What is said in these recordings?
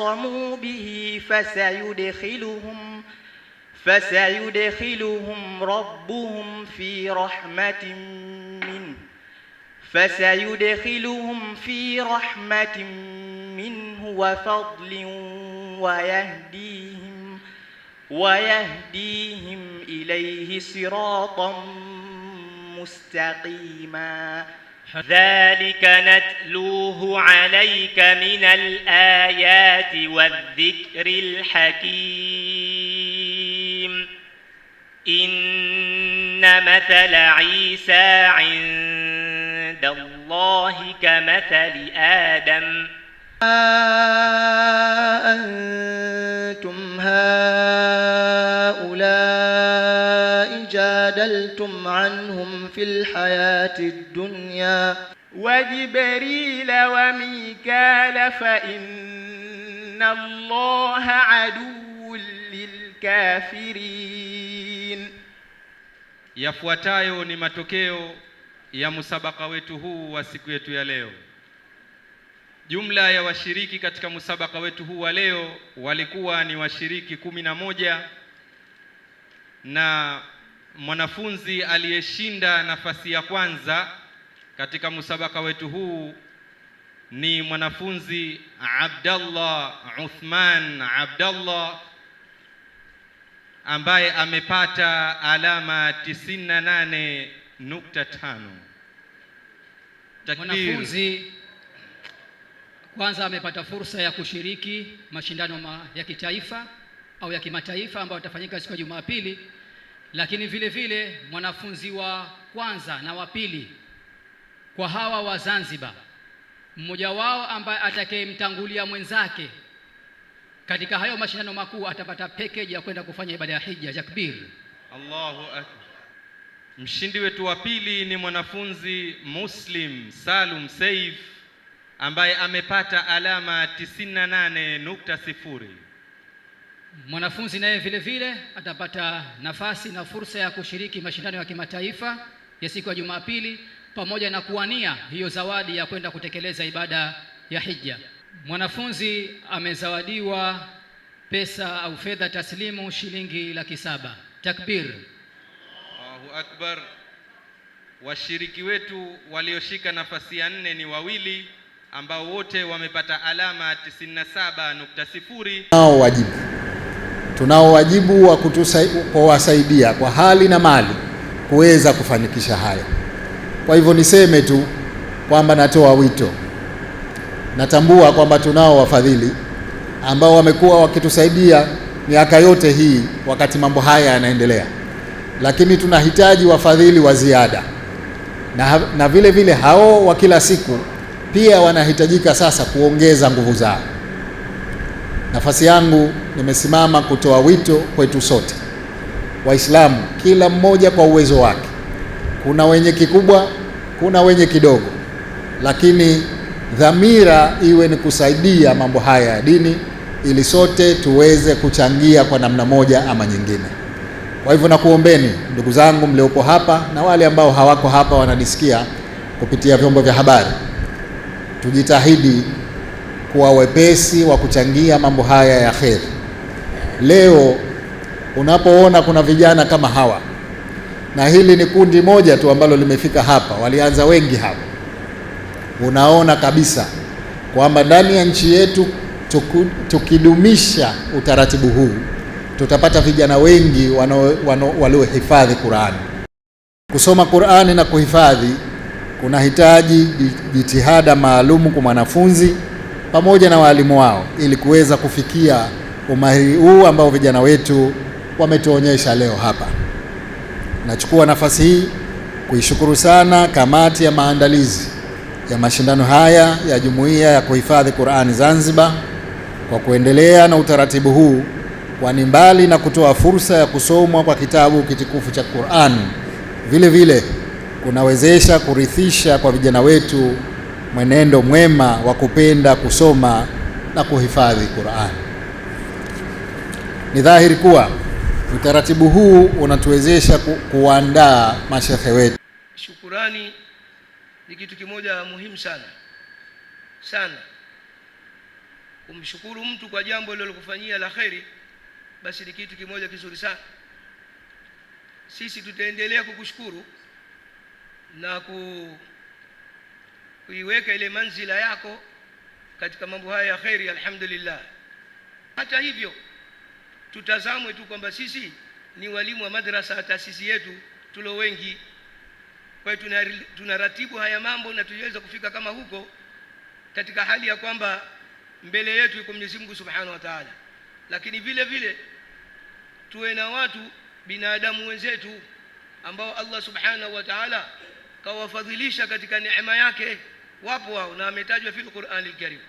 اعتصموا به فسيدخلهم فسيدخلهم ربهم في رحمة منه فسيدخلهم في رحمة منه وفضل ويهديهم ويهديهم إليه صراطا مستقيما ذلك نتلوه عليك من الآيات والذكر الحكيم إن مثل عيسى عند الله كمثل آدم أنتم عدلتم عنهم في الحياة الدنيا وجبريل وميكال فإن الله عدو للكافرين. Yafuatayo ni matokeo ya musabaka wetu huu wa siku yetu ya leo. Jumla ya washiriki katika musabaka wetu huu wa leo walikuwa ni washiriki kumi na moja na mwanafunzi aliyeshinda nafasi ya kwanza katika musabaka wetu huu ni mwanafunzi Abdallah Uthman Abdallah ambaye amepata alama 98.5. Mwanafunzi kwanza amepata fursa ya kushiriki mashindano ya kitaifa au ya kimataifa ambayo yatafanyika siku ya Jumapili lakini vile vile mwanafunzi wa kwanza na wa pili kwa hawa wa Zanzibar, mmoja wao ambaye atakayemtangulia mwenzake katika hayo mashindano makuu atapata package ya kwenda kufanya ibada ya hija takbir. Allahu akbar. Mshindi wetu wa pili ni mwanafunzi Muslim Salum Saif ambaye amepata alama 98.0. Mwanafunzi naye vile vile atapata nafasi na fursa ya kushiriki mashindano ya kimataifa ya siku ya Jumapili pamoja na kuwania hiyo zawadi ya kwenda kutekeleza ibada ya hija. Mwanafunzi amezawadiwa pesa au fedha taslimu shilingi laki saba. Takbir! Allahu akbar! Washiriki wetu walioshika nafasi ya nne ni wawili ambao wote wamepata alama 97.0. Nao wajibu tunao wajibu wa kuwasaidia kwa hali na mali kuweza kufanikisha haya. Kwa hivyo niseme tu kwamba natoa wito, natambua kwamba tunao wafadhili ambao wamekuwa wakitusaidia miaka yote hii wakati mambo haya yanaendelea, lakini tunahitaji wafadhili wa ziada na, na vile vile hao wa kila siku pia wanahitajika sasa kuongeza nguvu zao. Nafasi yangu nimesimama kutoa wito kwetu sote Waislamu, kila mmoja kwa uwezo wake. Kuna wenye kikubwa, kuna wenye kidogo, lakini dhamira iwe ni kusaidia mambo haya ya dini, ili sote tuweze kuchangia kwa namna moja ama nyingine. Kwa hivyo, nakuombeni ndugu zangu mliopo hapa na wale ambao hawako hapa wananisikia kupitia vyombo vya habari, tujitahidi kuwa wepesi wa kuchangia mambo haya ya kheri. Leo unapoona kuna vijana kama hawa, na hili ni kundi moja tu ambalo limefika hapa, walianza wengi hapa, unaona kabisa kwamba ndani ya nchi yetu tuku, tukidumisha utaratibu huu tutapata vijana wengi waliohifadhi Qurani. Kusoma Qurani na kuhifadhi kunahitaji jitihada maalumu kwa mwanafunzi pamoja na waalimu wao ili kuweza kufikia umahiri huu ambao vijana wetu wametuonyesha leo hapa. Nachukua nafasi hii kuishukuru sana kamati ya maandalizi ya mashindano haya ya Jumuiya ya Kuhifadhi Qur'ani Zanzibar kwa kuendelea na utaratibu huu, kwani mbali na kutoa fursa ya kusomwa kwa kitabu kitukufu cha Qur'an, vile vile kunawezesha kurithisha kwa vijana wetu mwenendo mwema wa kupenda kusoma na kuhifadhi Qur'an. Ni dhahiri kuwa utaratibu huu unatuwezesha ku, kuandaa mashehe wetu. Shukurani ni kitu kimoja muhimu sana sana. Kumshukuru mtu kwa jambo lilokufanyia la kheri, basi ni kitu kimoja kizuri sana. Sisi tutaendelea kukushukuru na ku kuiweka ile manzila yako katika mambo haya ya kheri, alhamdulillah. Hata hivyo, tutazamwe tu kwamba sisi ni walimu wa madrasa ya taasisi yetu, tulo wengi. Kwa hiyo tunaratibu haya mambo na tuweza kufika kama huko, katika hali ya kwamba mbele yetu yuko Mwenyezi Mungu Subhanahu wa Ta'ala, lakini vile vile tuwe na watu binadamu wenzetu ambao Allah Subhanahu wa Ta'ala kawafadhilisha katika neema yake wapo wao na wametajwa Qur'an al Karim,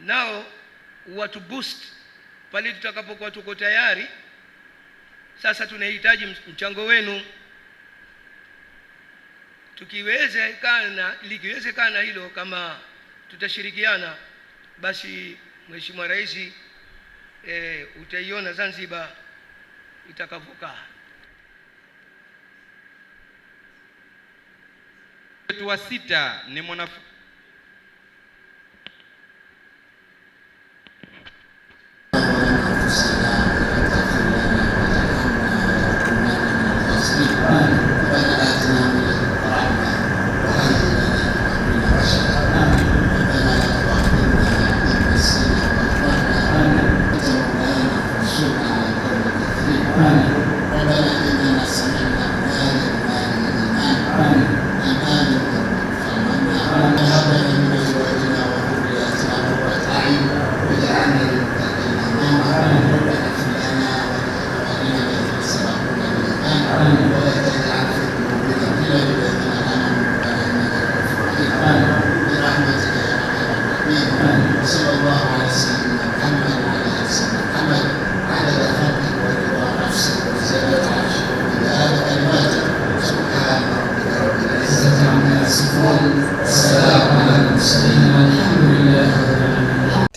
nao watu boost pale tutakapokuwa tuko tayari. Sasa tunahitaji mchango wenu, tukiwezekana, likiwezekana hilo, kama tutashirikiana, basi Mheshimiwa Rais, e, utaiona Zanzibar itakavyokaa. wetu wa sita ni mwana mwanafu...